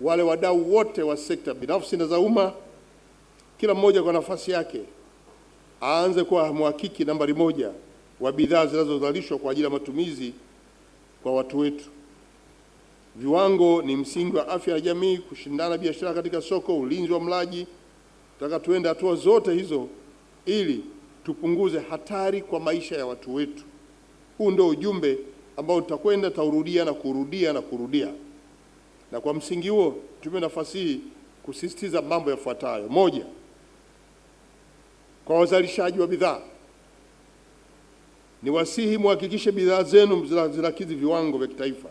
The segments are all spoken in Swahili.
wale wadau wote wa sekta binafsi na za umma, kila mmoja kwa nafasi yake aanze kuwa mhakiki nambari moja wa bidhaa zinazozalishwa kwa ajili ya matumizi kwa watu wetu. Viwango ni msingi wa afya ya jamii, kushindana biashara katika soko, ulinzi wa mlaji. Nataka tuende hatua zote hizo ili tupunguze hatari kwa maisha ya watu wetu. Huu ndio ujumbe ambao tutakwenda taurudia na kurudia na kurudia. Na kwa msingi huo tumie nafasi hii kusisitiza mambo yafuatayo: moja, kwa wazalishaji wa bidhaa ni wasihi muhakikishe bidhaa zenu zinakidhi viwango vya kitaifa,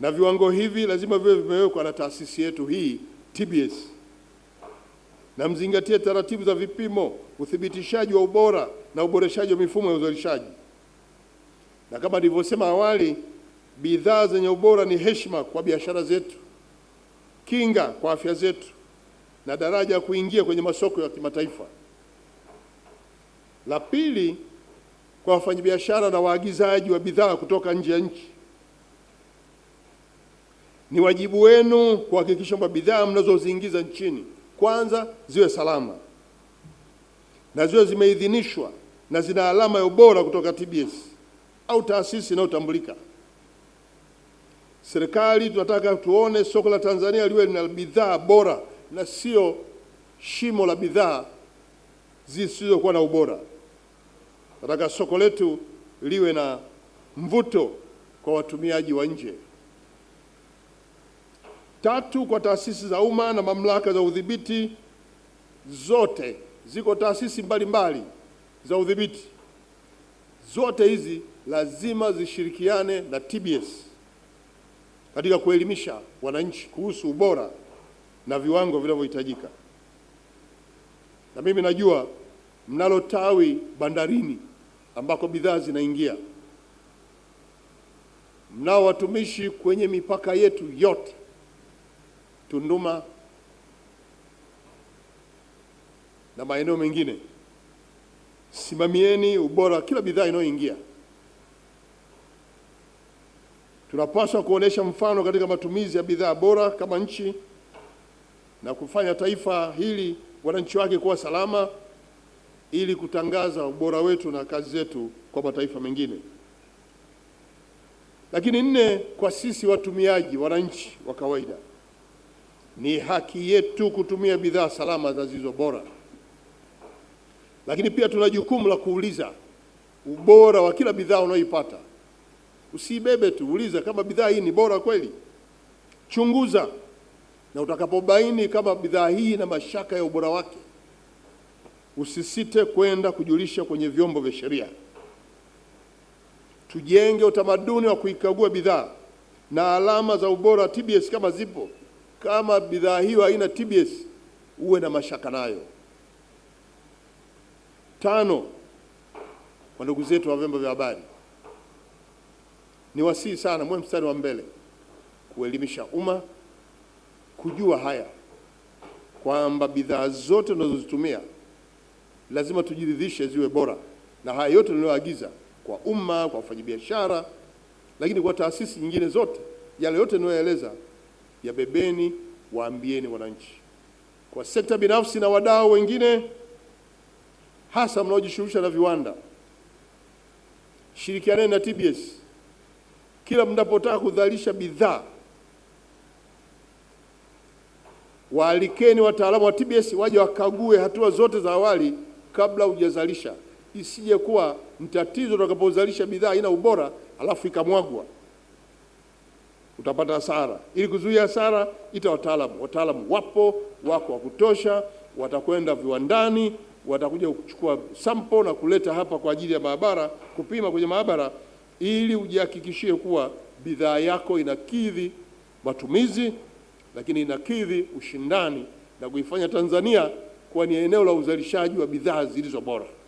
na viwango hivi lazima viwe vimewekwa na taasisi yetu hii TBS, na mzingatie taratibu za vipimo, uthibitishaji wa ubora na uboreshaji wa mifumo ya uzalishaji, na kama nilivyosema awali Bidhaa zenye ubora ni heshima kwa biashara zetu, kinga kwa afya zetu, na daraja ya kuingia kwenye masoko ya kimataifa. La pili, kwa wafanyabiashara na waagizaji wa bidhaa kutoka nje ya nchi, ni wajibu wenu kuhakikisha kwamba bidhaa mnazoziingiza nchini kwanza ziwe salama na ziwe zimeidhinishwa na zina alama ya ubora kutoka TBS au taasisi inayotambulika. Serikali tunataka tuone soko la Tanzania liwe na bidhaa bora na sio shimo la bidhaa zisizokuwa na ubora. Nataka soko letu liwe na mvuto kwa watumiaji wa nje. Tatu, kwa taasisi za umma na mamlaka za udhibiti zote, ziko taasisi mbalimbali mbali za udhibiti, zote hizi lazima zishirikiane na TBS katika kuelimisha wananchi kuhusu ubora na viwango vinavyohitajika. Na mimi najua mnalo tawi bandarini ambako bidhaa zinaingia, mnao watumishi kwenye mipaka yetu yote Tunduma na maeneo mengine. Simamieni ubora kila bidhaa inayoingia. Tunapaswa kuonesha mfano katika matumizi ya bidhaa bora kama nchi na kufanya taifa hili, wananchi wake kuwa salama ili kutangaza ubora wetu na kazi zetu kwa mataifa mengine. Lakini nne, kwa sisi watumiaji, wananchi wa kawaida, ni haki yetu kutumia bidhaa salama na zilizo bora, lakini pia tuna jukumu la kuuliza ubora wa kila bidhaa unayoipata Usibebe tu, uliza kama bidhaa hii ni bora kweli, chunguza, na utakapobaini kama bidhaa hii ina mashaka ya ubora wake, usisite kwenda kujulisha kwenye vyombo vya sheria. Tujenge utamaduni wa kuikagua bidhaa na alama za ubora TBS kama zipo. Kama bidhaa hiyo haina TBS, uwe na mashaka nayo. Tano, kwa ndugu zetu wa vyombo vya habari ni wasihi sana mwe mstari wa mbele kuelimisha umma kujua haya kwamba bidhaa zote tunazozitumia lazima tujiridhishe ziwe bora, na haya yote niliyoagiza kwa umma, kwa wafanyabiashara, lakini kwa taasisi nyingine zote, yale yote ninayoeleza, yabebeni, waambieni wananchi. Kwa sekta binafsi na wadau wengine, hasa mnaojishughulisha na viwanda, shirikianeni na TBS kila mnapotaka kuzalisha bidhaa, waalikeni wataalamu wa TBS waje wakague hatua zote za awali kabla hujazalisha, isije kuwa ni tatizo utakapozalisha bidhaa haina ubora alafu ikamwagwa, utapata hasara. Ili kuzuia hasara, ita wataalamu. Wataalamu wapo, wako wa kutosha, watakwenda viwandani, watakuja kuchukua sampo na kuleta hapa kwa ajili ya maabara, kupima kwenye maabara ili ujihakikishie kuwa bidhaa yako inakidhi matumizi, lakini inakidhi ushindani na kuifanya Tanzania kuwa ni eneo la uzalishaji wa bidhaa zilizo bora.